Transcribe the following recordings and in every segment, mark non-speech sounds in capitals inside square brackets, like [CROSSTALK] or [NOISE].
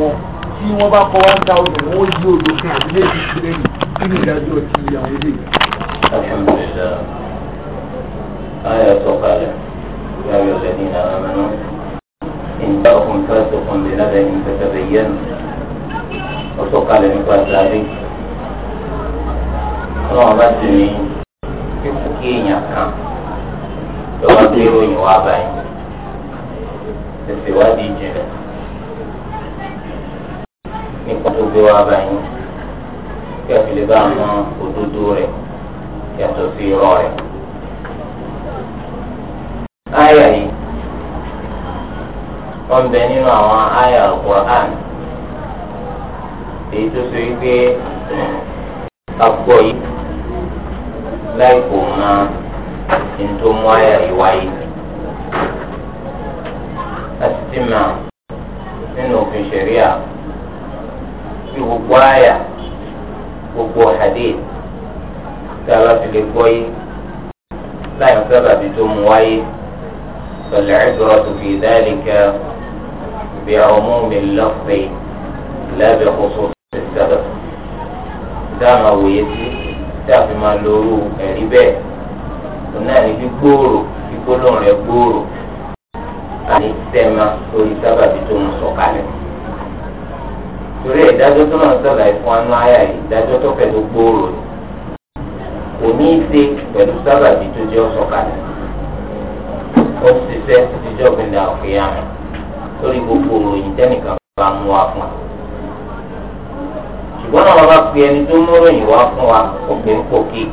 wọn tí wọ́n bá kọ one thousand wọ́n yí odò kan àbí lè fi sílẹ̀ nì kí ni ìdájọ́ ti àwọn ilé yìí. آية سوكالة يا أيها الذين آمنوا إن جاءكم فاسق بنبأ فتبينوا وسوكالة nípa ìsàlẹ̀ ọlọ́run bá ti ní kíkú kí èèyàn kan lọ́wọ́ gbé ìròyìn wá báyìí tẹ̀síwádìí jìnlẹ̀ nǹkan tó gbé wá báyìí kí a fi lè bá mọ òdodo a yàtọ̀ sí irọ́ rẹ̀. Áyà yìí wọ́n bẹ nínú àwọn áyà Al-Qur'an èyí tó so yìí pé àgbọ̀ yìí láì kò mọ ìtòmú áyà yìí wáyé. Àti tí mà nínú òfin ṣẹ̀ríà bí gbogbo àyà gbogbo hadith tí a bá fi lè gbọ́ yìí láì ń sábà bí tó mú wáyé pẹ̀lú ẹ̀dọ́rọ̀ tó fi dhalika bí umumi al-lafzi la bi khusus as-sabab dáhùn àwòye sí tí a fi máa lo ẹ̀rí bẹ́ẹ̀ òun náà ní gbígbóòrò gbígbóòrò rẹ̀ gbóòrò àti tẹ́ẹ̀ma lórí sábàbí tó mú sọ̀kalẹ̀ torí ìdájọ́ tó náà sọ̀rọ̀ ẹ̀fọn anú ayà yìí ìdájọ́ tó fẹ́ tó gbòòrò ni kò ní í ṣe pẹ̀lú sábàbí tó jẹ́ ọ̀sọ̀kalẹ̀ ó ṣiṣẹ́ ìjọ gbẹ̀dẹ̀ àkèyàmù lórí gbogbo òròyìn tẹ́nìkan bá mú wa fún wa ṣùgbọ́n àwọn bá pe ẹni tó mú ròyìn wá fún wa kò pé ń pòkè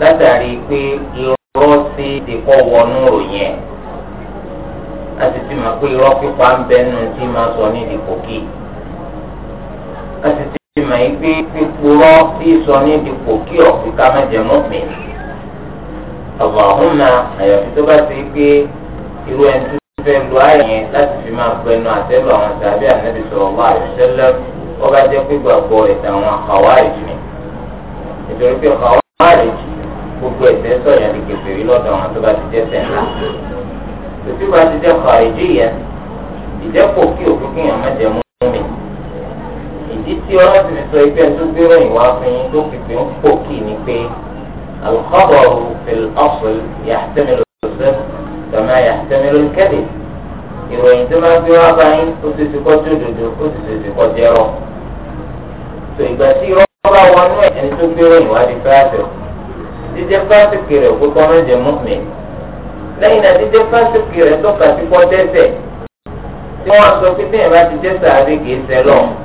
látàrí pé irọ́ sí ti kọ́ wọnú ròyìn ẹ̀ a sì ti mọ̀ pé irọ́ pípa ń bẹ́nu tí máa sọ ní ìdìpòkè a sì ti mọ̀ yín pé pípurọ́ bí sọ ní dipò kí ọ̀fi ká má jẹ mọ́pin ọ̀bọ̀ ọ̀hún na àyàfi tó bá ti pé irú ẹni tó fẹ́ lu ayé yẹn láti fi máa gbẹnu àtẹ́lu àwọn tàbí ànábì sọ̀rọ̀ wá àyọ̀sẹ́lẹ̀ wọ́n bá jẹ́ pé gbàgbọ́ rẹ̀ tàwọn àkàwárìjì ni nítorí pé àkàwárìjì gbogbo ẹ̀ṣẹ̀ sọ̀yàn ní kẹfẹ́rí lọ́dọ̀ àwọn tó bá ti jẹ́ sẹ̀ ńlá bá ti jẹ́ kàwárìjì yẹn ìjẹ́pọ̀ kí òfin kéèyàn má jẹ mú mi ìdí tí ọlọ́run ti sọ ẹgbẹ́ tó gbé ròyìn wá fún yín tó fi pé ń pò kì ní pé alùpàbọ̀rù fìlọ́sùn yàtẹ̀mẹ̀lò ṣẹ́ tọ́mọ yàtẹ̀mẹ̀lò kẹ́lẹ̀ ìròyìn tó máa gbé wá bá yín ó ti ti kọjú òdòdó ó ti ti ti kọjú ẹ̀rọ. tó ìgbà tí irọ́ bá wọnú ẹ̀ ẹni tó gbé ròyìn wá di fáàtì jíjẹ́ fásitì rẹ̀ kó kọ́ mẹ́jẹ mọ́mì lẹ́yìn náà jíjẹ́ fásitì rẹ̀ tọ́ka sí kọ́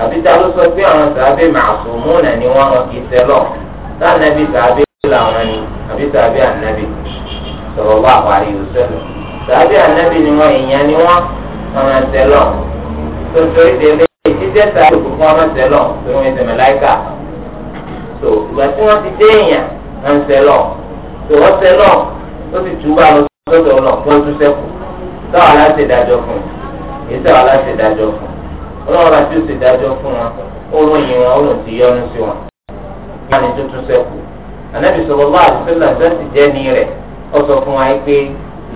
àbí ta ló sọ pé àwọn sàábé màsùmúnà ni wọ́n wọn kì í sẹlọ sànàbí sàábé làwọn ni àbí sàábé ànàbí sọ̀rọ̀ wà wàrí òsèlú sàábé ànàbí ni wọ́n èèyàn ni wọ́n wọn sẹlọ tuntun ìdílé ìdíjẹ sàábé òkùnkùn wọn sẹlọ tó wọn ìdèmẹ láìka tó ìgbà tí wọ́n ti dé èèyàn wọn sẹlọ tó wọ́n sẹlọ ó ti túbà lọ sọ́dọ̀ ọlọ kó sẹkù sọ aláṣẹ dájọ́ fún yìí sọ aláṣẹ dájọ́ fún ọlọ́run àti òsè dájọ́ fún wọn oorun yìí wọn oorun ti yọnu sí wọn. ìyá ni tuntun sẹ́kù anabi sọ̀rọ̀ bá àdúgbò àti jẹ́ ní rẹ̀ ọ sọ fún wa pé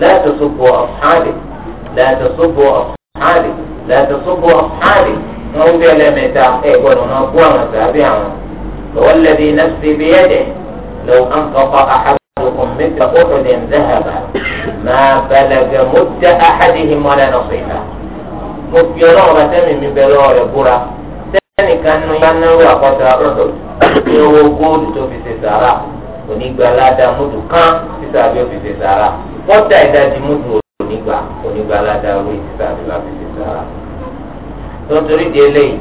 láti sọ́bọ̀ ọ̀hánlẹ̀ láti sọ́bọ̀ ọ̀hánlẹ̀ láti sọ́bọ̀ ọ̀hánlẹ̀ wọn wí bẹ́ẹ̀ lẹ́mẹ̀ta ẹ̀ gbọ́dọ̀ wọn bú àwọn sàbí àwọn lọ́wọ́ lẹ́bi nafsi bí yẹ́dẹ̀ lọ́wọ́ àǹkọ́kọ́ àhàbùkùn mẹ́ta ó mo fi ọlọ́run bá sẹ́mi mi bẹ lọ́wọ́ rẹ̀ búra sẹ́nìkan nínú yá náírà àkọ́tà ọ̀dọ̀ ní owó góòlù tó fi ṣe sàrà onígbà ládàá múdù kan títà bí ó fi ṣe sàrà wọ́n ta ìdajì múdù onígbà onígbà ládàá orí títà bí ó fi ṣe sàrà. tó di eléyìí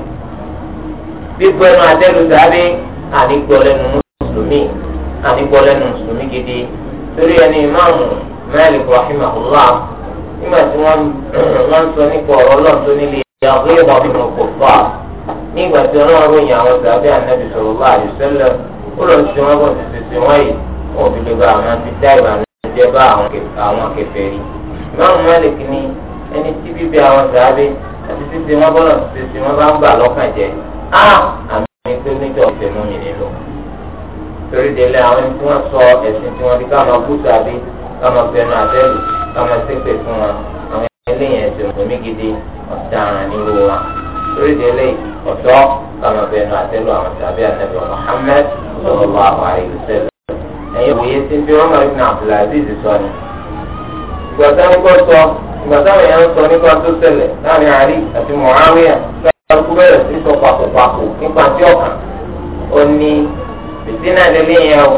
gbígbọ́ ẹnu àtẹ́lu sáré ànígbọ́ lẹ́nu mùsùlùmí ànígbọ́ lẹ́nu mùsùlùmí gidi torí ẹni ìmáàmù Malik rahimahullah nígbà tí wọ́n [CLEARS THROAT] máa ń sọ nípa ọ̀rọ̀ ọlọ́run tó nílé ìyá ọ̀gbìn ìwà ọ̀gbìn kò fà á nígbà tí ọlọ́run ròyìn àwọn sàbẹ́ ànábì sọ̀rọ̀ bá àdìsẹ́lẹ̀ ó lọ sí wọn bọ̀ tètè sí wọn yìí wọn ò fi lè ba àwọn ti dá ìbànújẹ́ bá àwọn kẹfẹ́ rí. ìmáàmù malik ni ẹni tí bíbí àwọn sàbẹ́ àti títí wọn bọ̀ tètè sí wọn bá ń bà lọ́kàn jẹ́ á àmì tó níjọ́ ìfẹ́ mú torí délé àwọn tí wọ́n sọ ẹ̀sìn tí wọ́n fi ká lọ́mọ bẹnu àtẹ́lù lọ́mọ ṣépè fún wọn àwọn eléyìí ẹ̀sìn òmí gidi ọ̀daràn nínú wa lórí ìdílé ọ̀dọ́ lọ́mọ bẹnu àtẹ́lù àwọn tàbí àtẹ́lù Muhammad lọ́wọ́ àwọn àìlùsẹ́lẹ̀. ẹ̀yin òye ti fi Umar ibn Abdulaziz sọ ni. ìgbàdá ń kọ́ sọ ìgbàdá èèyàn ń sọ nípa tó ṣẹlẹ̀ láàrin Àlí àti Muawiya lọ́kú bẹ̀rẹ̀ sí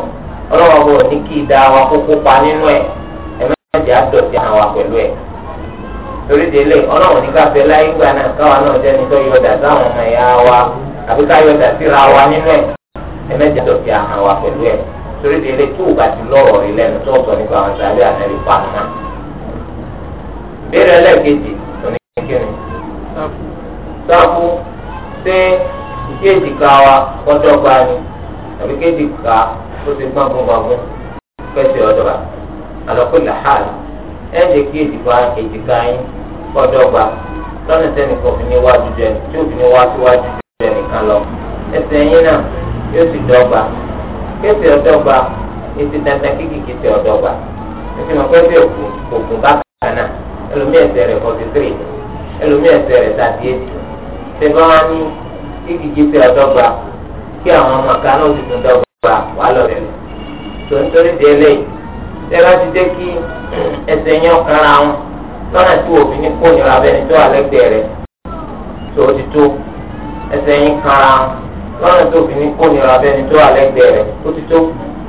ọlọ́wọ́ bò ní kí ìdá wa kó kópa nínú ẹ̀ ẹ̀mẹ́jẹ̀ àdọ̀tí àwọn wa pẹ̀lú ẹ̀ torí délé ọlọ́wọ́ ní káfẹ́ láyé gbà náà káwa náà jẹ́ ní tó yọ̀dà sáwọn ọmọ ẹ̀yà wa àbí ká yọ̀dà síra wa nínú ẹ̀ ẹ̀mẹ́jẹ̀ àdọ̀tí àwọn wa pẹ̀lú ẹ̀ torí délé tó o bá ti lọ́rọ̀ rí lẹ́nu tó sọ nípa àwọn sàlẹ̀ ànábì pàmò béèrè ẹlẹ́ẹ̀kejì oníkíni sáfù ṣé ká wa kọjọ́ gbani àbí kéèjì ká tó ti gbọ́n fún gbọ́ngbọ́n pẹ̀sẹ̀ ọ̀dọ́gba àlọ́kùnlé hàn ẹ̀ jẹ́ kí èjìká èjìká yín kọ́dọ́gba lọ́nà tẹ́nìkan fi ní wájú jẹ tí ò fi ní wá síwájú jẹ nìkan lọ ẹsẹ̀ yín náà yóò sì dọ́gba pẹ̀sẹ̀ ọ̀dọ́gba ètò dandan kékèké tẹ̀ ọ̀dọ́gba ètò ìmọ̀ pẹ̀sẹ̀ òkun bákan náà ẹlòmíì ẹsẹ̀ rẹ̀ forty three ẹlòmíì ẹsẹ̀ rẹ̀ thirty eight ṣẹ̀fọ́n wá ní kékèké tẹ̀ ọ̀dọ́gba kí àwọn ọmọ kan náà ti tún dọ́gba gba wàá lọ bẹ̀rẹ̀ tó ń torí di eléyìí tẹ́ bá ti dé kí ẹsẹ̀ yẹn kára wọn lọ́nà tí òbí ní kó nira bẹ́ni tó wà lẹ́gbẹ̀ẹ́ rẹ̀ tó ti tó ẹsẹ̀ yẹn kára wọn lọ́nà tí òbí ní kó nira bẹ́ni tó wà lẹ́gbẹ̀ẹ́ rẹ̀ ó ti tó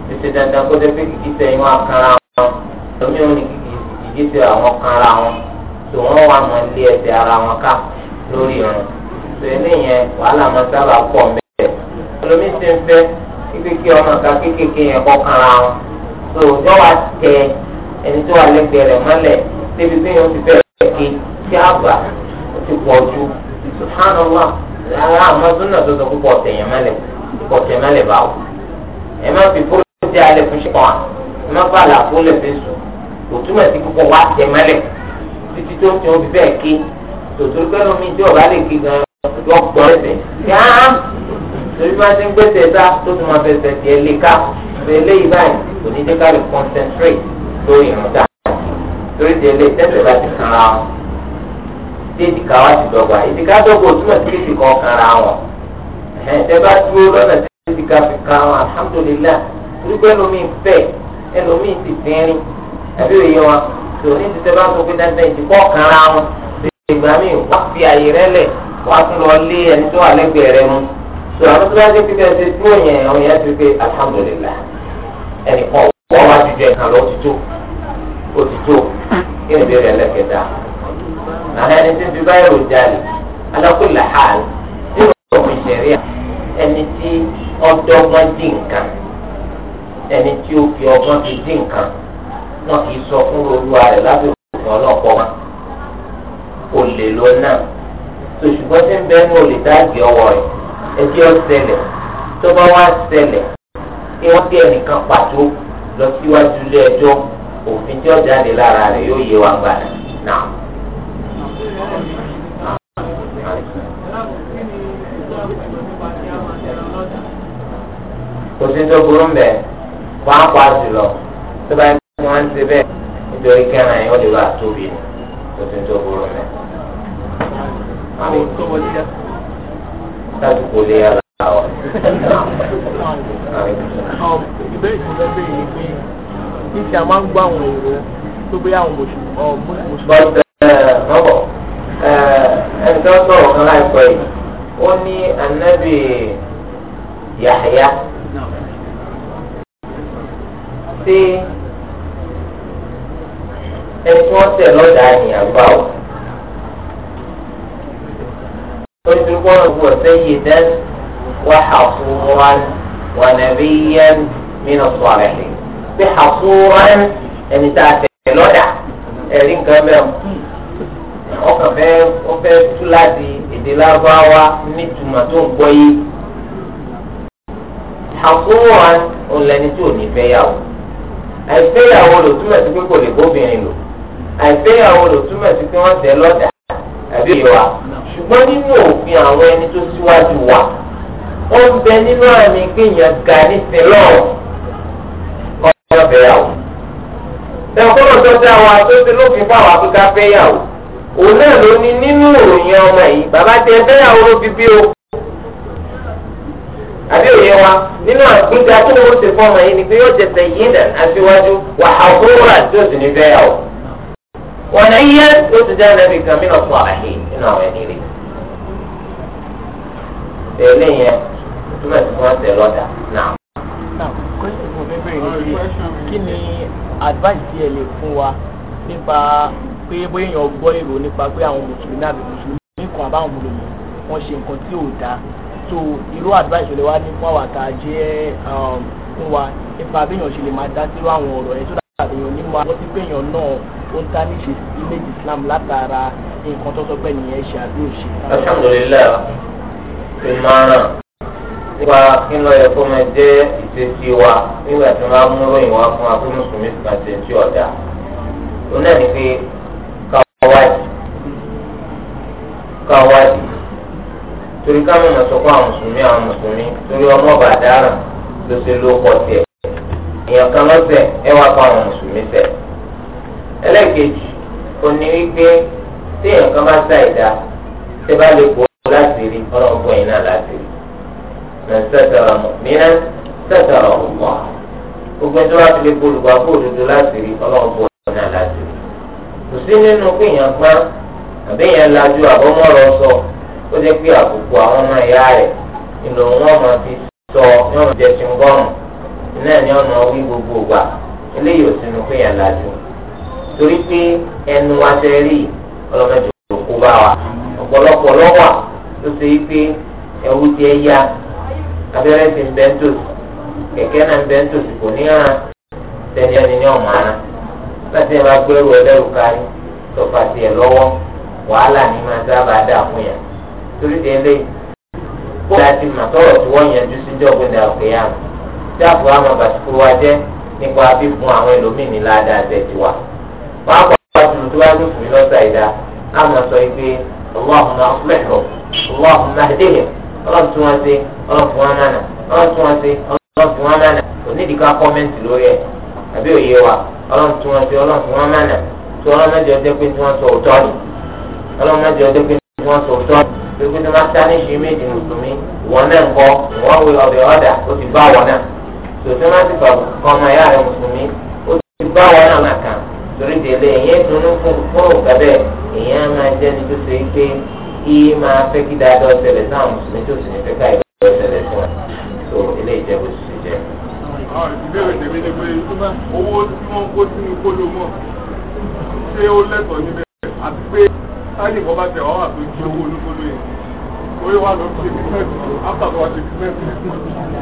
tètè dandan kó dé pé kìkì sẹ́yìn wọn kára wọn lómi òní kìkì sẹ́ àwọn kára wọn tó wọ́n wà mọ́ ilé ẹsẹ̀ ara wọn ká lórí ọ̀run tó eléyẹn wàhálà máa sábà pọ̀ mẹ́ẹ̀ ibi kí ọmọ kan kékeré yẹn kọ́ kan ra wọn tó yọ wá tẹ ẹni tó wà lẹ́gbẹ̀ẹ́ rẹ̀ mọ́lẹ̀ débi pé yóò ti bẹ̀rẹ̀ ké kí àgbà ó ti pọ̀ ju subhanallah ara àmọ́ súnà tó sọ púpọ̀ tẹ̀yẹ̀ mọ́lẹ̀ púpọ̀ tẹ̀yẹ̀ mọ́lẹ̀ báwò ẹ má fi fóònù tí a lè fún ṣe kàn án ẹ má bá àlàfo lè fi sùn kò túmọ̀ sí púpọ̀ wá tẹ̀ mọ́lẹ̀ títí tó ti wọn fi bẹ́ẹ̀ ké tòtòrò pẹ́lú tí ọ̀bá torí bá ti ń gbèsè ta tó tún máa fẹsẹ̀ tiẹ̀ lè ká ṣe eléyìí báyìí kò ní jẹ́ ká lè concentrate lórí ìrúnta torí ti eléyìí tẹ́sẹ̀ bá ti kan ra wọn tí èjìká wá ti dọ́gba èjìká dọ́gba òtúmọ̀ sí èsì kan kan ra wọn ẹ̀ẹ́dẹ́ bá dúró lọ́nà tí èjìká fi kan wọn alhamdulilayi torí pé ẹlòmíì fẹ́ ẹlòmíì ti fẹ́rin àbí òye wọn tò ní ti tẹ́ bá sọ pé dáadáa ìdìbò kan ra wọn ìgbà míì wọ́n fi àyè rẹ lẹ̀ wọ́n á tún lọ tó àwọn tó bá dé pípẹ́ ṣe dúró yẹn àwọn yẹn ti pé alhamdulillah ẹnìkan wọ́n wá ti jẹ kan lọ tító ó ti tó kí ni ìbéèrè ẹlẹ́kẹta àwọn ẹni tí ń fi báyìí rò jáde alákùnlé hàl tí wọ́n fi ṣẹ̀rí ẹni tí ọdọ́gbọ́n dín nǹkan ẹni tí ó fi ọgbọ́n fi dín nǹkan náà kì í sọ fún olúwa rẹ̀ lábẹ́ òfin ọlọ́pọ̀ wọn olè lọ náà tòṣùgbọ́n tí ń bẹ́ẹ̀ ní olè ẹjẹ́ ọ̀sẹ̀lẹ̀ tó bá wá ṣẹlẹ̀ kí wọ́n gbé ẹnìkan pàtó lọ síwájú ilé ẹjọ́ òfin tí ó jáde lára rẹ̀ yóò yé wa gbà náà. kò sí tó burú mbẹ pàápàá jùlọ tó bá ní wọn ti bẹ nítorí kẹrin yóò lè wà tóbi kò sí tó burú mbẹ láti kó lé ara wa. ìbéèrè tí mo fẹ́ bèèrè ni pé kí ṣe a máa ń gbọ́ àwọn èrò tó bí àwọn mùsùlùmí. bọ́bọ̀ ẹnìkan sọ̀rọ̀ kan láìpẹ́ yìí ó ní ànábì Yahya ṣé ẹni tí wọ́n tẹ̀ lọ́dà ni àgbà ọ̀. ojúkọ́ ìwú ọ̀sẹ̀ yìí dẹ́n wà hàṣúran wà nàbí yẹn mìíràn sọ̀rọ̀ ẹ̀ bí hàṣúran ẹni tá a tẹ̀ lọ́dà ẹ̀rí nǹkan mẹ́rin ọkàn fẹ́ ó fẹ́ tú láti èdè lábáwá nítumọ̀ tó ń gbọ́ yìí hàṣúran òun lẹni tí ò ní fẹ́ yà wò àìfẹ́yàwó lò túmọ̀ sí pé kò lè bóbìnrin lò àìfẹ́yàwó lò túmọ̀ sí pé wọ́n tẹ̀ lọ́dà àbí ìwà ṣùgbọ́n nínú òfin àwọn ẹni tó síwájú wa wọ́n ń bẹ nínú àmì kéèyàn ga ní sílọ̀ kọ́ fẹ́yàwó. ẹ̀kọ́ tó dá wa tó ti lófin fáwọn akíká fẹ́yàwó òun náà ló ní nínú ìròyìn ọmọ yìí bàbá tẹ fẹ́yàwó ló fi bí o. àbí òye wa nínú àgbéga tó ń ṣe fọmọ yìí ni pé yóò tẹsẹ̀ yín dàn aṣíwájú wàhálà tó rà tó sì ní fẹ́yàwó wọn ẹyẹ yóò ti jẹ́ ẹnẹ́bí kan mí lọ́sọ̀ àhìn nínú àwọn ẹni rẹ̀. tẹ̀lé yẹn túmọ̀ sí wọ́n tẹ̀ lọ́dà náà. kí ni advice tí ẹ lè fún wa nípa pé bóyá èèyàn èrò nípa pé àwọn mùsùlùmí àbí mùsùlùmí kan àbáwọn mùsùlùmí wọ́n ṣe nǹkan tí ò dáa so irú advice lè wá ní fún àwọn àtàjẹ um, fún wa nípa bí èèyàn ṣe lè máa dá sírú àwọn ọ̀rọ̀ ẹ̀ tó dàbí èèyàn ní máa lọ́sí pé èèyàn náà ó tarnish image islam látara nǹkan tó sọ pé nìyẹn ṣe àbí òṣè. alhamdulilayi fi máa ràn nípa kí ló yẹ kó máa jẹ́ ìṣesí wa nígbà tí wọ́n á mú ròyìn wá fún wa pé mùsùlùmí kan ṣe ń ṣe ọ̀dà. náà ni pé káwájì káwájì torí ká mọ̀mọ́ sọ fún àwọn mùsùlùmí àwọn mùsùlùmí torí ọmọ bàdáràn ló ṣe ló pọ̀ tiẹ̀ èèyàn kan lọ́sẹ̀ ẹ wá fún àwọn mùsùlùmí sẹ́ẹ̀ ẹlẹ́ẹ̀kejì kò ní wípé tí nǹkan bá sá ìdá tí bá lè bò ó láti rí ọlọ́run bò yín náà láti rí náà sẹ́tọ̀rọ̀ mìíràn sẹ́tọ̀rọ̀ wà gbogbo tí wọ́n ti lè bò olùgbàgbọ́ òdodo láti rí ọlọ́run bò yín náà láti rí kò sí nínú pé èèyàn gbá àbí èèyàn lajú àbọ̀mọ́rọ̀ sọ ó jẹ́ pé àbùkù àwọn ọmọ ìyá rẹ̀ ìlò wọn máa fi sọ ní jẹ́ ṣingọ́ọ̀mù náà ní ọ̀nà pé èèyàn lajú torí pé ẹnu atẹ́rì ọlọ́mọdé òkú bá wa ọ̀pọ̀lọpọ̀ lọ́wà tó ṣe pé ẹ̀wù ti ẹ̀ ya abẹ́rẹ́ ti ń bẹ́ńtòs kẹ̀kẹ́ náà ń bẹ́ńtòs kò ní hàn tẹ̀lé ẹni ní ọ̀mọ́ ara láti ẹ̀ máa gbẹ́rù ẹlẹ́rù kárí tọ́fà tiẹ̀ lọ́wọ́ wàhálà ní máa sábà dà fún yàn torí ti ẹ̀ léyìí kó láti mà tọrọ tí wọ́n yanjú síjọ́ gbẹ̀dẹ̀ àpèyàn tí àpò àmọ̀ bàtìkúrú wa jẹ́ nípa fífún àwọn ẹlòmíì ní ládàá wàá kọ́ ọ̀tún tó wá lókun lọ́sà ìdá àmọ́ sọ pé ọlọ́ọ̀hún ọ̀fúnmẹ́kọ̀ ọlọ́ọ̀hún máàdéhìn ọlọ́ọ̀tún wọn ṣe ọlọ́ọ̀tún wọn nánà ọlọ́ọ̀tún wọn ṣe ọlọ́ọ̀tún wọn nánà onídìí ká kọ́mẹ́ǹtì lórí ẹ̀ àbí òye wa ọlọ́ọ̀tún wọn ṣe ọlọ́ọ̀tún wọn nánà tí ọlọ́ọ̀mẹ́jọ jẹ́ pé tí wọ́n sọ òótọ́ ni ọlọ́ọ̀mẹ́jọ jẹ́ pé tí wọ́n sọ òótọ́ ni pé tó máa tánìṣì méjì mùsùlùmí wọn náà ń kọ wọn wí ọbẹ ọdà ó ti bá wọn náà tòtí wọn ti fà kọ ọmọ ẹyà rẹ mùsùlùmí ó ti bá wọn náà máa kàn torí délé èyàn dunu fún òkà bẹ́ẹ̀ èyàn máa jẹ́ ní tó ṣe é pé kí máa fẹ́ kí dáadáa ọ̀sẹ̀lẹ̀ sáwọn mùsùlùmí tó sì ní fẹ́ ká ìgbà ọ̀sẹ̀lẹ̀ sí wọn tó ilé ìjẹ́bù sì jẹ́. ìbéèrè tèmi ni pé owó tí wọ́n kó sínú kóló mọ̀ ṣé ó lẹ́tọ̀ọ́ níbẹ̀ àti pé táyì bọ́ bá tẹ̀ ọ́ àti ojú owó olúkóló yẹn orí wa ló ṣe bísẹ́ẹ̀sì áfà tó wá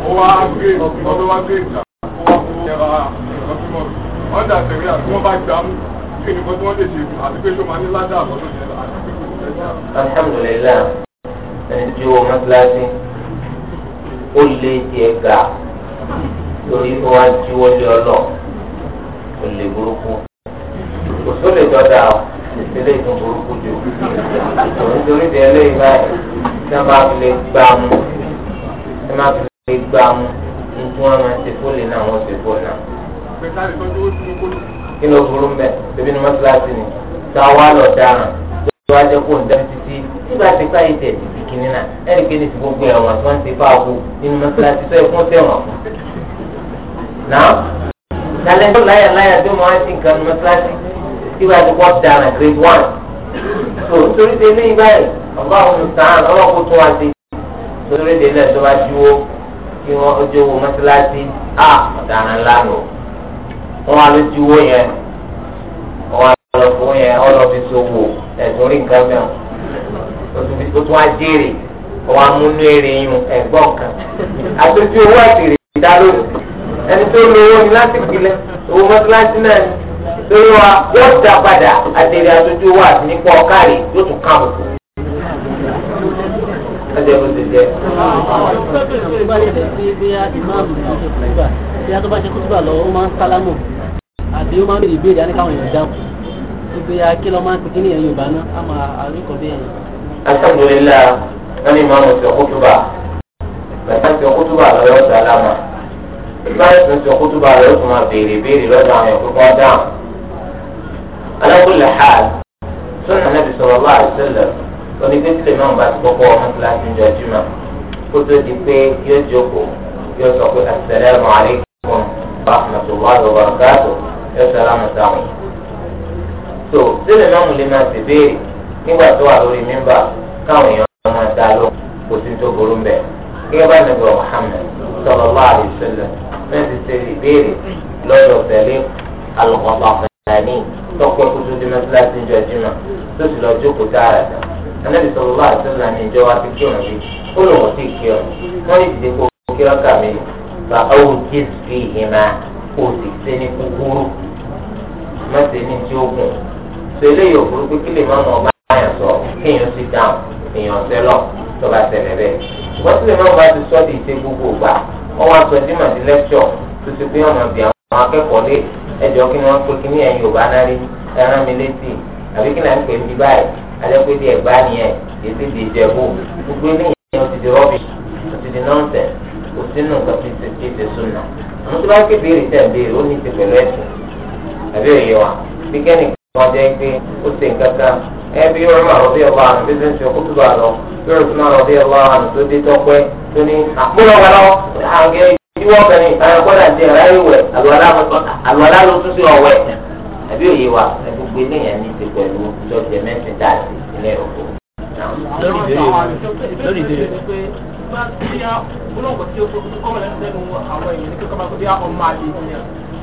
ó wá gbé ìtọ́jú wá gbé ìjà ó wá kó ẹ̀rọ wọ́n dà sẹ̀rí àti wọ́n bá gbà mú kí nìkan tí wọ́n lè ṣe àti pé ṣó máa ní ládà àbọ̀dún yẹn àti pé kò ní lẹ́yìn. alhamdulilayi ẹni tí o mọ́tíláṣí ó lé tiẹ̀ ga lórí ó wá jí wọlé ọlọ́ ó lè burúkú kò tó lè dọ́dà ó ìpínlẹ̀ ìtàn burúkú jù nítorí ti ẹlẹ́yìn báyìí tí wọ́n bá fi gbà mú tí wọ́n gbà mú ní tí wọ́n máa ṣe fóònù náà wọ́n ṣe fóònù náà kí ló burú mbẹ bíbí ni mọ́tíláṣí ni táwa lọ dáràn tó wá jẹ́ kó ń dán títí nígbà tí káyé tẹ̀ títí kìíní náà ẹnì kéde ti gbogbo ẹ̀wọ̀n tí wọ́n ti fà kú nínú mọ́tíláṣí tó ẹ̀kún tẹ̀wọ̀n. náà talẹ́ńtò láyà láyà tó mọ́ àti nǹkan ní mọ́tíláṣí nígbà tí wọ́n dáràn grade one. tó torí de ní ibáyìí ọ̀gá òun sàn ọlọ́kùn tó wá sí. torí de náà tó bá dúró kí wọ́n ojú owó mọ́tíláṣí wọn wá ló ti wó yẹn wọn wá lọ fún yẹn wọn lọ fi so wò ẹ̀sùn rí nǹkan mẹ́wọ̀n o tún wá jèrè wọn wá múnú èrè yún ẹ̀gbọ́n kan àtúntí owó àtìrè ìdálò ẹni tó lo owó ni láti pilẹ̀ owó mọ́tíláṣí náà ni torí wa wọ́n dá padà àtẹ̀rẹ̀ àtúntí owó àti nípa ọ̀kárì yóò tún kàn wò. Ọjọ́ ìbò ti jẹ́. Ìgbà tó bá ṣe kútùbà lọ, ó máa ń sálámù àti ó máa ń bèrè ìbéèrè àníkàwọn èèyàn dáhùn ìgbé akí lọ máa ń pèkínì ẹ̀yìn yorùbá náà á máa àríkọ̀ bí ẹ̀yìn. alhamdulillah wọn ni màmú ti ọkútùbà bàtà ti ọkútùbà lọ́yọ̀ ọ̀dà lámà ìbáyọ̀ tó ti ọkútùbà lọ́yọ̀ tó máa bèrè ìbéèrè lọ́dọ̀ àwọn ẹ̀kọ́ kọ́ dáhùn. alákùnlé ha sọ́nà nàbì sọ̀rọ̀ bá àṣẹlẹ̀ onígbésílẹ̀ náà bá ti kọ́kọ́ ọmọ pé yóò wa rahmatullahi wa barakatuh ẹ sàlámù sáwọn. tó sílẹ̀ náà mo lè máa ṣe béèrè nígbà tó wà lórí mímbà káwọn èèyàn máa dá lọ kò sí tó burú mbẹ. gẹ́gẹ́ bá nàbẹ̀ Muhammad sallallahu alaihi wasallam náà ti ṣe ìbéèrè lọ́dọ̀ tẹ̀lé alùpàpàpàní tọ́pọ̀ kótó di mẹ́tíláṣí ìjọ jimá tó sì lọ jókòó tààrà dà. ìjọ wa ti kí sì kí ọ wọ́n ní lọ́sẹ̀ ní tí ó gùn tó eléyìí òfurú pé kí lè má mọ ọba àyàn sọ kéèyàn sì dáhùn èèyàn ṣẹ lọ tó bá ṣẹlẹ̀ bẹ́ẹ̀ wọ́n sì lè má ọba ti sọ́ di ìṣe gbogbo ògbà wọ́n wá sọ dímà sí lẹ́kṣọ̀ tó ti pé ọmọ bíi àwọn akẹ́kọ̀ọ́ lé ẹjọ́ kí ni wọ́n pè kí ní ẹ̀yin òbá náà rí ẹran mi létí àbí kí náà ń pè ní báyìí adẹ́pẹ́ di ẹ̀gbá nìyẹn èsì di ìjẹ̀bù gbogbo eléyìí ti di rọ́bì ti di nọ́ọ̀sẹ̀ kò sínú nǹkan ti ti ti sunà àmọ́ tó bá ké béèrè tẹ̀ béèrè ó ní ti pẹ̀lú ẹ̀sìn àbí òye wa bí kẹ́ni kan jẹ́ pé ó ṣe nǹkan kan ẹ bí ọmọ àròbí ọba àrùn bí ṣe ń ṣe kótó bá lọ bí ọmọ àròbí ọba àrùn tó dé tọ́pẹ́ tó ní àkúrò wà lọ àgẹ ìdíwọ́ bẹ̀rẹ̀ ìbára kọ́dà ti ẹ̀rá ìwẹ̀ àlùwàlá ló tún sí ọ̀wẹ̀ àbí òye wa ẹ gbogbo eléyàn ní ti pẹ̀lú jọjẹ mẹ́sìn dáàtì ilé ọ̀gbọ̀. lórí ìbéèrè lórí ìbéèrè bá bí a olóńgbò tí o kọ́ mọ̀ lẹ́nu àwọn èèyàn ní kíkọ́ máa kó bí a ọmọ àlè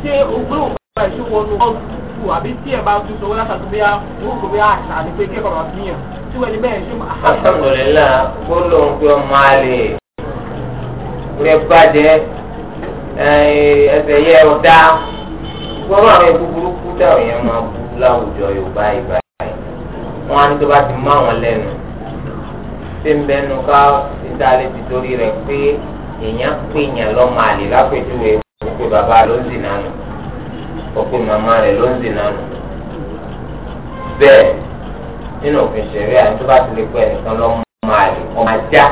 ṣé o gbé ìṣòwò ọdún tútù àbí tí ẹ bá tún sọ wọn látàkùn bí wọn kò bí àṣà ni pé kékeré ọ̀rọ̀ bíyàn tí wọ́n ní bẹ́ẹ̀ ṣó máa. àtọ̀lẹ́lá ó lóun pé ọmọ àlè rẹ bàjẹ́ ẹsẹ̀ yẹ ọ̀dá gbọ́dọ̀ àwọn ẹ̀kú burúkú dáhùn yẹn máa bú láwùjọ Yorùbá ìbá yìí wọn á ní tó bá ti mú àwọn lẹ́nu ṣé ń bẹnu ká ìdálé ti torí rẹ̀ pé èèyàn pè yàn lọ́mọ àlè lápèjúwe pé bàbá ló ń dì nánu òpin màmá rẹ̀ ló ń dènà nù. bẹ́ẹ̀ nínú òfin ṣẹ̀rí àti tó bá ti lè pẹ́ nìkan lọ́ máa lè kọ́ máa já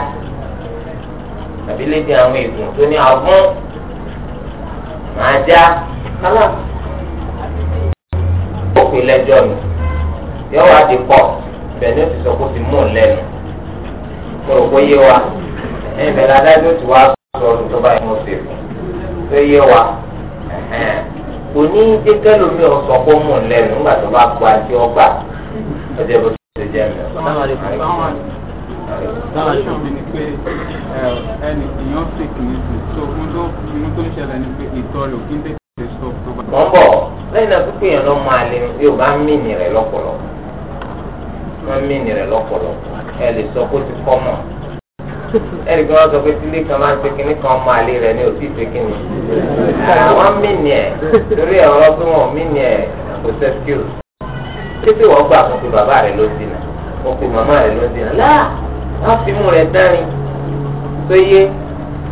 àbí lédè àwọn ìgùn tó ní àgún máa já kálá. ó pè lẹ́jọ́ nù yóò wá di pọ̀ bẹ́ẹ̀ ni ó ti sọ kó ti mú un lẹ́nu mo rò pé yé wa ẹ̀yìn adájọ́ ti wá sọ tó bá yẹ mo ṣe fún tó yé wa kò ní jẹ́ kẹ́lómi ọ̀sán kó mú un lẹ́nu nígbà tó bá gba tí ó gbà ọjọ́ bó ti jẹ́ mi. Dára ṣe òbí ni pé ẹnì èèyàn sì kì í sùn tó ohun tó ohun tó ń ṣẹlẹ̀ ni pé ìtọ́ rẹ̀ ò kí ń tètè sọ tó bá. Wọ́n bọ̀ lẹ́yìn náà pípé yẹn lọ́ máa lé yóò bá mìnì rẹ̀ lọ́pọ̀lọpọ̀. Wọ́n mìnì rẹ̀ lọ́pọ̀lọpọ̀. Ẹ lè sọ pé ó ti kọ́ mọ̀ ẹnì kan wá sọ pé tílé kan máa ń ṣe kínní kan ọmọ àlè rẹ ní òsì ṣe kínní àwọn mìíní ẹ torí ọ̀rọ̀ pé wọn mìíní ẹ kò sẹ́skìlù títí wọ́n gbà fún pé bàbá rẹ ló dínà wọ́n pe màmá rẹ ló dínà láà wọ́n fi mú rẹ dárin tó yé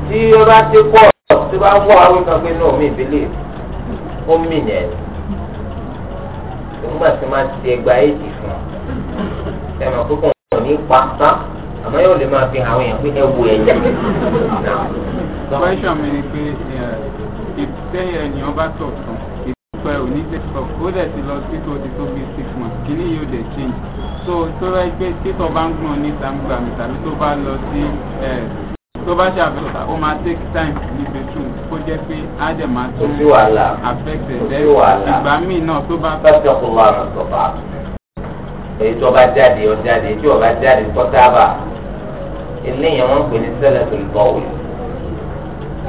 tí ó bá ti pọ̀ tó bá wọ̀ àwọn kan pé náà mi ìbílẹ̀ ó mìíní ẹ nígbà tí wọ́n ti ẹgbàá èjì fún ọ ẹ̀mọ̀ kókò wọn ò ní pa tán àmọ́ yóò lè máa fi àwọn èèyàn pé ẹ wo ẹ̀yìn. question mi ni pé ìtẹ́yẹ ènìyàn bá tọ̀ tán ìpẹ́ òní lè sọ ó dẹ̀ ti lọ sí tó ti tó bíi six months kíní yóò dẹ̀ change so tó rẹ pé títọ́ bá ń gbọ̀n ní sàmgbà mi tàbí tó bá lọ sí tó bá ṣàfihàn ó máa take time ní bedroom kó jẹ́ pé á dẹ̀ máa tún affect ẹ̀ ìgbà míì náà tó bá. tọ́jú ọkùnrin wa rẹ̀ sọ̀rọ̀ èyí tó bá jáde ó jáde tí ó bá jáde kọ́ sábà eléyìí wọ́n pè ní sẹ́lẹ̀ tó lùbọ̀ wò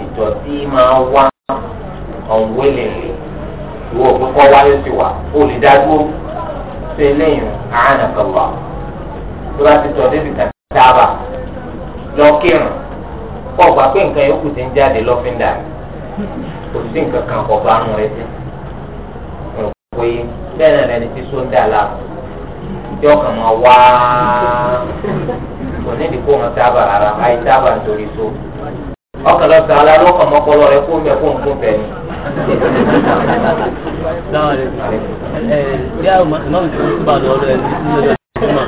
ìdọ̀tí máa wá ọ̀nwélélè ìwọ òkúkọ wáyé sí wa olùdágbó ṣe eléyìí àánà kọlọ tó bá ti tọ́ débi kan dábà lọ kírun kọ́ ọ̀gbà pé nǹkan yòókù ti ń jáde lọ́fíńdà kò sí nǹkan kan kọ̀ bá ń rẹ sí òye bẹ́ẹ̀ náà lẹni tí sóńdà láàmú yọkàn máa wá kò ní ìdíkó wọn sábà rárá àì sábà nítorí so ọkàn lọ sọ ara lọkàn mọpọlọ rẹ kó mẹ fóun fún bẹ́ẹ̀ ni. bí a máa ń sọ nípa lọ́rọ̀ ẹ̀ ní ọjọ́ ìṣúná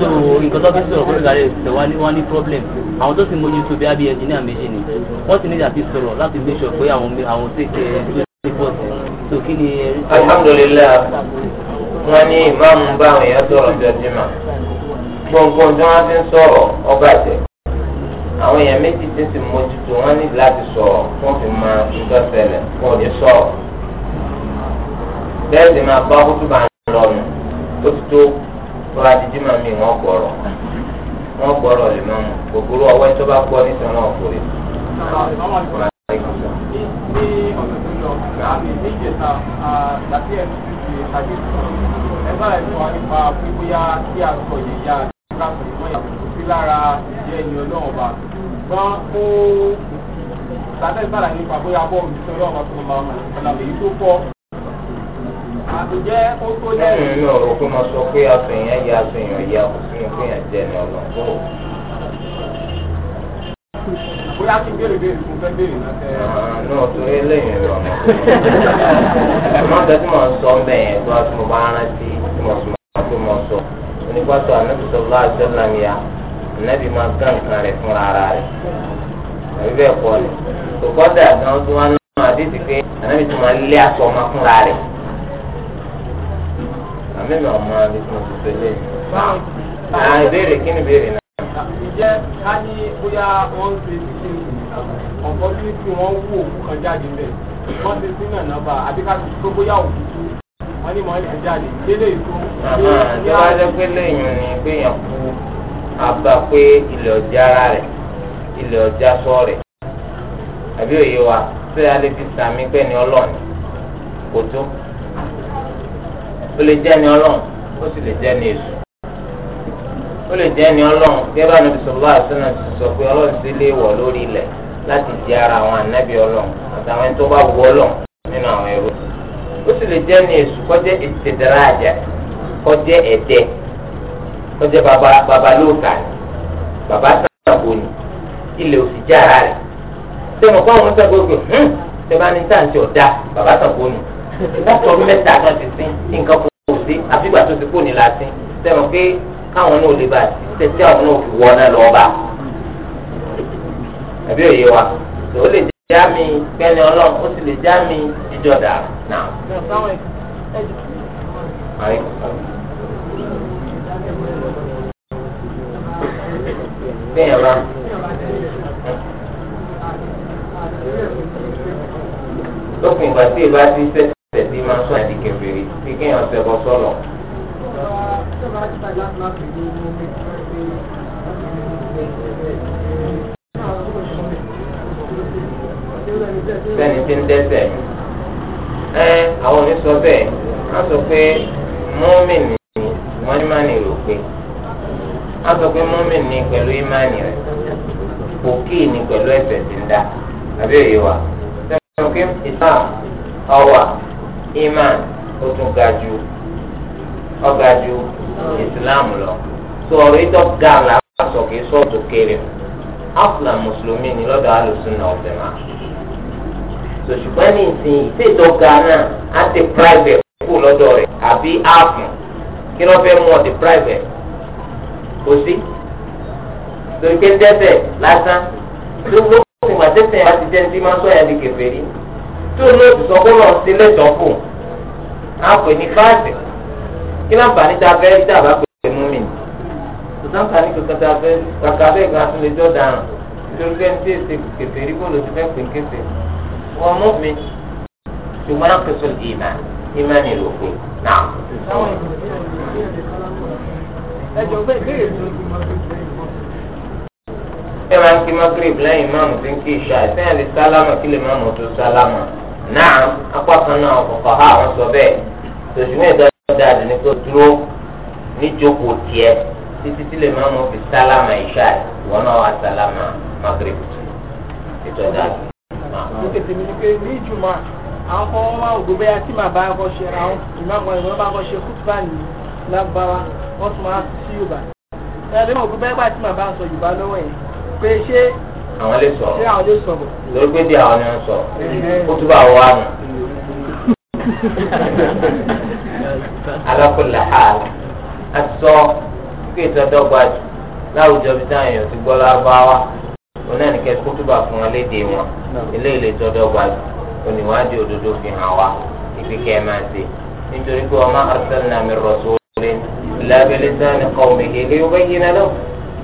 so nǹkan tó fi sọ̀rọ̀ kó lóògbé rẹ̀ wá ní wá ní problem àwọn tó sì mójútó bí abí ẹnjìníà méjì ni wọ́n sì ní àti sọ̀rọ̀ láti make sure pé àwọn àwọn tó ṣe ẹ̀ tó ṣe pọ̀ sí so kí ni. alhamdulilayi wọn ní ìmáàmù bá àwọn èèyàn sọ̀rọ̀ jọjúmọ́ gbogbo ọjọ́ wọn ti ń sọ̀rọ̀ ọba tẹ̀ àwọn èèyàn méjì tí ń sì mójútó wọn ní láti sọ̀rọ̀ wọn fi mọ nǹkan ṣẹlẹ̀ wọn ò ní sọ̀rọ̀ bẹ́ẹ̀ sì máa bá kútùbà ń lọ́nu ó ti tó tọ́lá jíjí máa mi wọ́n gbọ́rọ̀ wọ́n gbọ́rọ̀ lè máa mú gbogbo ọwọ́ ẹ̀ tó bá gbọ́ ní sọ̀rọ̀ ọ̀kùnrin. ní ọ̀nà tó lọ àmì níjẹta àgbàtí ẹ̀ ń fi àdéhùn ẹ̀ bá ẹ̀ sọ nípa pípéyà kí a sọ yẹ̀yà káàpọ̀ ìmọ̀ ìyàwó sí lára ìjẹ́ ẹni ọlọ́run ọba gan ó sàlẹ̀ ìbàdàn nípa bóyá bọ́ọ̀lù sí ọlọ́run ọba tó máa mọ̀ ọ̀nà èyí tó pọ̀ àtúnjẹ́ ó tó jẹ́. lẹ́yìn inú ọ̀rọ̀ kó máa sọ pé àtúnyàn yẹ àtúnyàn yẹ àkùnfìyàn fìyàn jẹ ní ọ̀nà tó. bóyá kí n béèrè béèrè fún fẹ́ béèrè náà tẹ́. náà tó yẹ lẹ́yìn ẹ̀rọ ọ̀nà. ẹ má bẹ́ẹ̀ tí mo sọ ń tó a ti mo bá rántí tí mo sì bá tọ anabi sallallahu alaihi wasallam ya anabi máa gán nǹkan rẹ̀ fúnra ara rẹ̀ àbí bẹ́ẹ̀ kọ́ ni tòkọ́dà gan tó wá náà àdéhùn pé anabi tó máa lé aṣọ ọmọ fúnra rẹ̀ àmì mi ọmọ àbí tó ti sọ lé àwọn ìbéèrè kí ni ìbéèrè náà. ǹjẹ́ ká ní bóyá wọ́n ń ṣe ọ̀pọ̀ tí wọ́n wú òkú kan jáde bẹ́ẹ̀ wọ́n ti sínú ẹ̀ náà bá àbíká tó bóyá òkú tó wọ́n ní mọ̀ọ́lì àjáde délé ìkó. ṣé wàá jẹ́ pé lẹ́yìn ni pé yàn kú àgbà pé ilẹ̀ ọjà ara rẹ̀ ilẹ̀ ọjà sọ rẹ̀ àbí òye wa ṣé a lè fi sàmì pé ni ọlọ́run kò tó ó lè jẹ́ ni ọlọ́run ó sì lè jẹ́ ni èṣù ó lè jẹ́ ni ọlọ́run gẹ́gẹ́ bá nàbì sọ̀rọ̀ àṣẹ́nà ti sọ pé ọlọ́run sí lè wọ̀ lórí ilẹ̀ láti di ara àwọn ànábì ọlọ́run àtàwọn ẹni tó bá wù ọlọ́run nínú àwọn ẹrú sì lè jẹ́ ní èṣù kọjá ìtẹ̀dárajà kọjá ẹ̀dẹ́ kọjá baba baba lóòkà baba sàgbó ni ilẹ̀ òsì jẹ́ ara rẹ̀ sẹ́nu kọ́ àwọn sàgbó gbé hùn sẹ́nu àni táǹtì ọ̀dà baba sàgbó ni ìdájọ́ mẹ́ta kan ti sin nǹkan kò sí àfìgbà tó ti kó ni la sin sẹ́nu pé káwọn náà lè bá tẹ̀sí àwọn náà fi wọ́n náà lọ́ọ́ bá àbí òye wa tó lè jẹ́ àmì pẹ́ni ọlọ́run ó sì lè jẹ́ àmì jíjọ dàrú náà. bẹ́ẹ̀ bá. lópin ìgbà tí ìbá ti sẹ́sẹ̀ sí máa ń sọ àdì kẹfìrí tí kéèyàn ṣẹbọ sọ̀rọ̀. sẹ́ni tí ń dẹ́ṣẹ̀ ẹ àwọn òní sọ bẹ́ẹ̀ wọ́n sọ pé mọ́mìnì wọ́n ní mánì rò pé wọ́n sọ pé mọ́mìnì pẹ̀lú ìmánì rẹ̀ òkì ni pẹ̀lú ẹ̀sẹ̀ ti ń dá àbí òye wa sẹ́wọ̀n kí islam ọwà iman ó tún ga ju ọ̀gá ju islam lọ tó ọ̀rọ̀ ìtọ́ ga la sọ kì í sọ́ọ̀tù kéré afla mùsùlùmí ni lọ́dọ̀ alùsùn náà ọ̀sẹ̀ máa ṣùgbọ́n ní ìsìn ìṣèjọ Ghana á ti private kú lọ́dọ̀ rẹ̀ àbí áàpù kí wọ́n fẹ́ mú ọ ti private kò sí torí pé dẹ́sẹ̀ lásán gbogbo ìgbà tẹ́sẹ̀ yẹn bá ti jẹ́ ní máa ń sọ yẹn di kèfèrí tí o lóòtù sọ pé wọ́n ti lẹ́tọ̀ọ́ fò a pè ní fáàtì kí ló ń fà ní ta fẹ́ tí a bá pè é mú mi kò sáǹkà ní kankan ta fẹ́ kàkà bẹ́ẹ̀ gan-an tún lè jọ́ dànù nítorí pé ní tí èsì kèfèrí kò ló wọ́n mú mi ṣùgbọ́n náà kẹsàn ìmà ìmà ni ló pé náà. ẹ máa ń kí magrib lẹ́yìn máàmù tí ń kí ìṣá ìsẹ́yìn lè sálámà kí lè máàmù tó sálámà náà apá kan náà ọ̀kọ̀ọ̀kan ha àwọn sọ bẹ́ẹ̀ tòṣùwọ̀n ìdájọ́ dáadé ni kó dúró níjókòó tiẹ̀ títí tí lè máàmù fi sálámà ìṣá ìwọ náà wà sálámà magrib tó dáadé lókè tèmi ni pé ní ìjùmọ̀ àwọn kan wọ́n wá ògbó bẹ́yà tí màá bá ẹ̀kọ́ ṣe ra wọn ìmọ̀ àwọn ìwọ́n bá ẹ̀kọ́ ṣe kútùbà ní lágbára wọ́n tún máa sí yorùbá ẹ̀rọ ìmọ̀ ògbó bẹ́yà tí màá bá sọ yorùbá lọ́wọ́ yẹn pé ṣé àwọn lè sọ ṣé àwọn lè sọ bọ̀. lórí pé bí àwọn ni wọ́n sọ kútùbà wà nù. [LAUGHS] alákòlá àlà àti sọ kí ètò ọdọ́gba láwùjọ bí táwọn èèyàn ti gbọ́ lábáwá onáníkẹ́ kótóbà fún wọn léde wọn eléyìí lè tọ́jọ́ gba oníwádìí òdodo fi hàn wá ìpínkẹ́ ẹ̀ máa ṣe nítorí pé ọmọ arsalna min rasulin illa bi lisani qawmihi liyubayyina lahu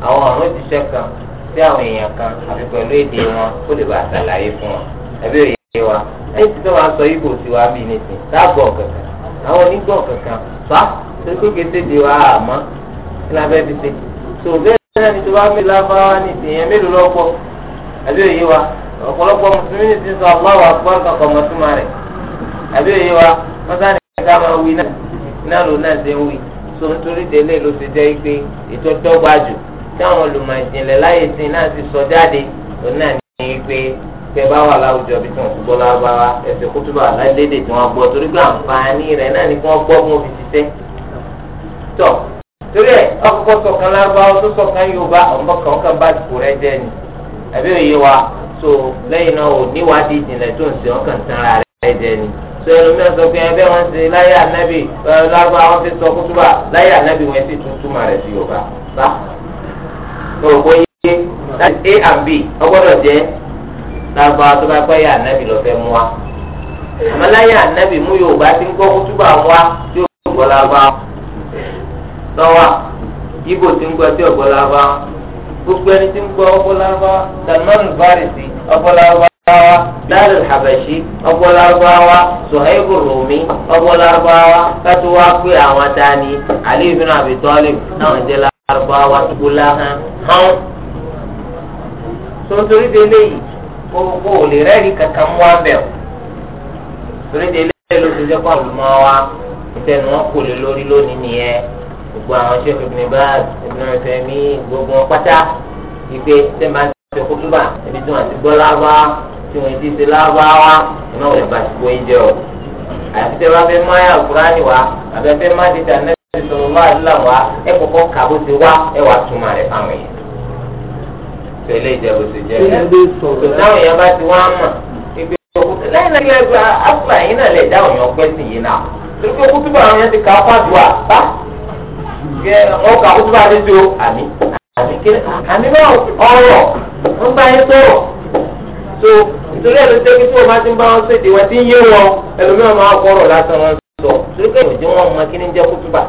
àwọn àrùn òṣìṣẹ́ kan sí àwọn èèyàn kan àfi pẹ̀lú èdè wọn kó lè bá àṣàlàyé fún wọn ẹbí òye wa ẹni tí wọn sọ ibo sí wa bí nìsín sáàgbọ̀ kankan àwọn onígbọ̀ kankan fa tó kékeré ṣèdè wa àmọ́ kí la fẹ́ ṣe tó bẹ́ẹ̀ ẹni tó bá mi lábáwá ní ìdèyàn mélòó lọ́pọ̀ àbí òye wa ọ̀pọ̀lọpọ̀ mùsùlùmí ní ti sọ Allahu Akbar kankan mọ̀túnmá rẹ̀ àbí òye wa mọ́sáni ká máa wí náà iná ló náà ṣe ń wí so nítorí délé ló ṣe jẹ́ pé ètò dọ́gba jù táwọn olùmọ̀ ìjìnlẹ̀ láyé sí náà ti sọ jáde òun náà ní pé tẹ bá wà láwùjọ bí tí wọn gbọ́ lábáwá ẹsẹ̀ kútùbà lálédè tí wọ́n gbọ́ torí pé àǹfààní rẹ̀ náà ni kí wọ́n gbọ́ fún òfin ṣiṣẹ́ tọ́ torí ẹ ọkọ sọkan lárúbáwá tó sọkan yorùbá ọmọkàn ọkàn bá dùkú rẹ jẹ ni wa so lẹ́yìn náà ò níwádìí ìjìnlẹ̀ tó ń ṣe ọkàn tanra rẹ jẹ ni so ẹlòmíràn sọ pé ẹbẹ wọn ṣe láyé ànábì lárúbáwá ti sọ láyé ànábì wọn sí yorùbá bá yé láti a and b jẹ tó bá pẹ́ wa àmọ́ láyé ànábì mú lọ́wọ́ ibo ti ń gbọ́ sí ọ̀gbọ́láwa gbogbo ẹni tí ń gbọ́ ọ̀gbọ́láwa Salman Farisi ọ̀gbọ́láwa Bilal Habashi ọ̀gbọ́láwa Suhaib Rumi ọ̀gbọ́láwa kátó wá pé àwọn dání Ali ibn Abi Talib náà jẹ́ lárúbáwá tó láhán hán. sọ́tòrí délé yìí kó o lè rẹ́ẹ̀rí kankan mú abẹ́ o sọ́tòrí délé ló ti jẹ́ kó àlùmọ́ wa ìtẹ̀nu wọn lórí lónìí nìyẹn gbogbo àwọn ṣe Ibn Baz Ibn Uthaymeen gbogbo pátá ìgbé tẹ́ máa ti kó túbà ẹbí tí wọ́n ti gbọ́ láwá tí wọ́n ti ṣe láwá wá iná wọlé bá ti gbó oúnjẹ o. àti tẹ́ bá fẹ́ mọ ayé àkùránì wa àbẹ fẹ́ má ti tà nẹ́ẹ̀sì sọ̀rọ̀ wá àdúrà wa ẹ kọ̀kọ́ kà bó ti wá ẹ wà túmọ̀ rẹ̀ fáwọn yẹn. tẹ̀lé ìjẹ́bù ti jẹ́ táwọn èèyàn bá ti wá mọ̀ ibi òkúta lẹ́yìn lẹ́yìn lẹ́gbẹ̀ẹ́ àfúrà yín náà lè dá òyìn ọgbẹ́ sí yìí náà torí ó kà ó bá dé tó àmì àmì kéré àmì náà ọ̀rọ̀ ń bá yín sọ̀rọ̀ tó ìtòlẹ́ ẹ̀ ló ṣe kí tí wọ́n bá ti ń bá wọn ṣèdè wọn ti ń yé wọn ẹlòmíràn máa kọ̀rọ̀ lásán wọn sọ torí pé ìdí wọn mọ kí ní jẹ́ kútùbà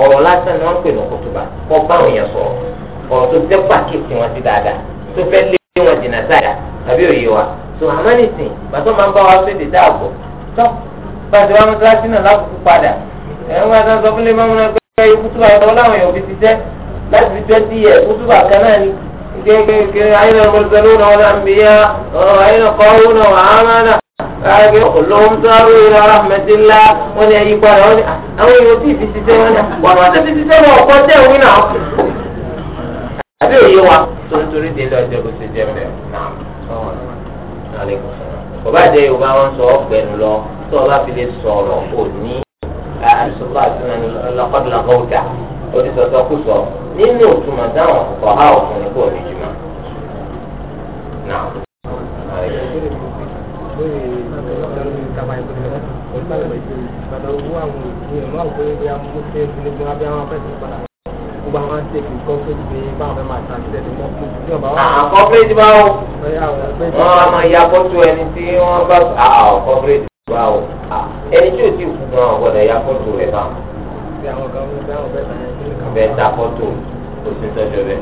ọ̀rọ̀ lásán ni wọ́n ń pè ní kútùbà kọ́ bá àwọn èèyàn sọ̀rọ̀ ọ̀rọ̀ tó jẹ́ pàkíyèsí wọn ti dáadáa tó fẹ́ lé wọn jìnnà sáyà tàbí òye wa tó àmọ́ nìsín bàtọ́ máa ń bá wa ṣèdè dáàbò tó bàtọ́ wa mọ́tíláṣí náà ẹ̀wọ̀n àti sọ fún lẹ́mọ̀mù náà pé ẹ̀yọ kútùbà ọ̀rọ̀ láwọn èèyàn fi ti jẹ́ láti fi twenty years kútùbà kan náà ni kékeré ayélujára mọ̀lẹ́sẹ̀lú náà wọn àmì yá ayélujára náà wọn àmà náà káàkiri olóhùn sọ́ọ́rù ìlà rahmatilá wọn ni ẹ̀yí padà wọn ni àwọn èèyàn tí ìfi ti jẹ́ wọn ni wọn wọn ti ti jẹ́ wọn ọ̀pọ̀ tẹ̀ wí náà. àbí òye wa torítorí dé lọ́jọ́ bó ṣe jẹ́ mẹ́rin náà sọ́wọ́n àṣùpá àtúnà ní ọlọ́kọ́dúnà bọ́ọ̀dà oríṣiríṣi kùsọ̀ nínú òtúmọ̀ táwọn ọ̀kọ̀ ha ọ̀kùnrin kò ní jùmọ̀. Àkọ́bírèdì báwo? Wọ́n á máa ya kótó ẹni tí wọ́n bá àkọ́bírèdì wá o ẹni tí o ti kú gan ọ̀gbọ́dọ̀ ya fọ́tò rẹ̀ bá bẹ́ẹ̀ ta fọ́tò o ti tọ́jú rẹ̀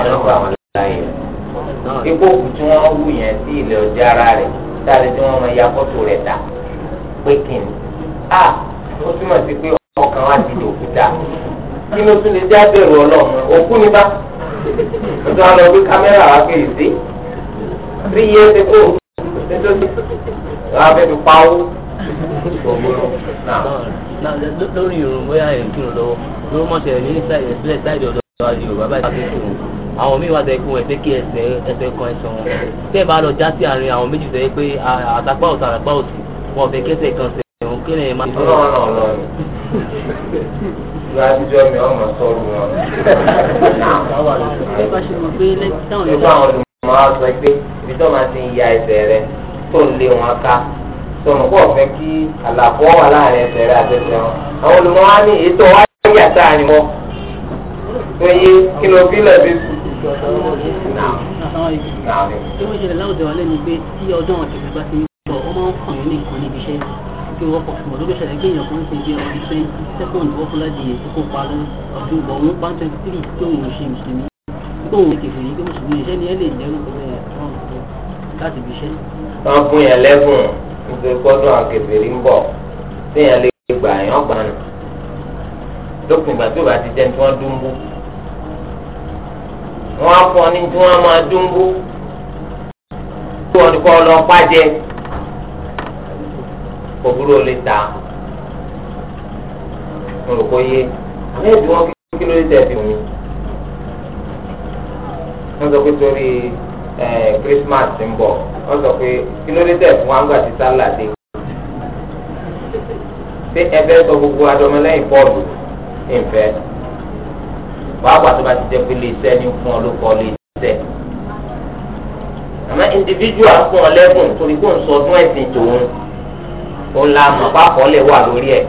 ẹni kọ́ àwọn láyé ipò òkú tí wọ́n wù yẹn sí ilẹ̀ ọjà ara rẹ̀ sáré tí wọ́n máa ya fọ́tò rẹ̀ ta pé kìnnì a ó túmọ̀ sí pé ọkàn wa ti dò kúta kí ló tún lè dá bẹ̀rù ọlọ́run òkú ni bá ó tún wá lọ gbé kámẹ́rà wá pé ìsí three years ago wàá lórí irun bóyá ẹ̀ lọ́wọ́ lórí mọ̀tẹ̀ ní ìsílẹ̀ sáìdì ọ̀dọ̀ wa àwọn míì wá sọ ikú ẹsẹ̀ kí ẹsẹ̀ ẹsẹ̀ kan ẹsẹ̀ wọn tẹ́ bá lọ já sí àárín àwọn méjì sọ pé àtàpá ọ̀tún àtàpá ọ̀tún wọn fẹ́ kẹsẹ̀ kan sẹ̀ ẹ̀hún kí lẹ́yìn máa. ọlọ́run ọlọ́run ìgbà àtijọ́ mi ọmọ sọ́ọ̀rù wọn. nípa ṣe mọ̀ pé lẹ́yìn táwọn yóò mo á sọ pé ibi tó máa ti ń ya ẹsẹ̀ rẹ tó ń lé wọn ká tó mọ̀ pé ọ̀fẹ́ kí àlàfo wà láàrin ẹsẹ̀ rẹ àtẹ̀sẹ̀ wọn. àwọn olùmọ̀ wá ní ètò wá ní yàtá ni wọ́n tó yé kí ló bí lẹ́bi ọdún ọ̀sẹ̀ ìgbà ti kó pa ọdún bọ̀ wọ́n twenty three tí òun ṣe mùsùlùmí tó òun nítorí gbọ́dọ̀ àkẹfẹ́rí ń bọ̀ téèyàn lè gbà yàn gbà lópin ìgbà tó bá ti jẹ́ tí wọ́n dúnbú wọ́n á fún ọ ní tí wọ́n máa dúnbú tí wọ́n kọ́ lọ pàjẹ́ kò lè ta mo yé ní ìdíwọ́n kí ló dé tẹ̀ fún mi wọ́n sọ pé torí Christmas ń bọ̀ wọ́n sọ pé kí ló dé tẹ̀ fún wa ńgbà tí sálà dé. ṣé ẹbẹ́ sọ gbogbo adọmọlẹ́yìn bọ́ọ̀lù ìfẹ́ wàá pàtó bá ti jẹ́ pé lè sẹ́ ní fún ọ ló kọ́ lè sẹ́ àmọ́ individual fún ọ lẹ́bùn torí kó ń sọ ọdún ẹ̀sìn tòun òun la mọ̀ pápọ̀ lè wà lórí ẹ̀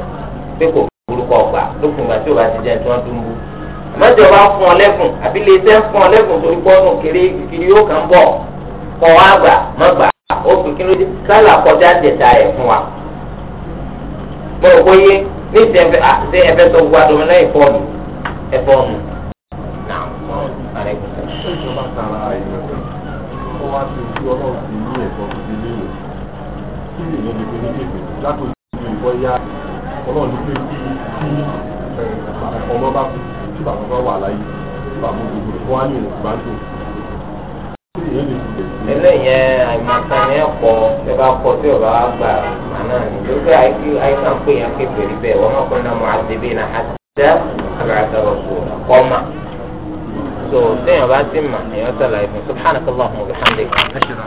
pé kò burúkọ gbà lókùnrin àti òbá ti jẹ́ tí wọ́n tún bú mọ́jọba fún ọ lẹ́kùn àbí iléeṣẹ́ fún ọ lẹ́kùn torí pọ́nù kéré kìkì yóò kàn bọ̀ kọ́ wá gbà má gbà ó fi kí ló dé sálà kọjá jẹta ẹ̀ fún wa. mo rò pé yé ní ìsìn ẹ̀fẹ́ àti ẹ̀fẹ́ tó gba domi náà ẹ̀fọ́ mi ẹ̀fọ́ mi. Ọlọ́run ló pé kí ọmọ bá kú tí bàbá bá wà láyé tí bàbá gbogbo rẹ̀ wá ní òun bá dùn. eléyẹn àìmọ̀kan yẹn pọ̀ tẹ bá pọ̀ tí ọba wa gbà màná ni lókè àìsàn pé yẹn kékeré bẹ́ẹ̀ wọ́n mọ̀ náà mọ̀ àdébí náà àtijọ́ àgbàdàgbà sọ̀rọ̀ kọ́ mà. so téèyàn bá ti mà èèyàn sọ̀rọ̀ ìfún subhanahu wa ta'ala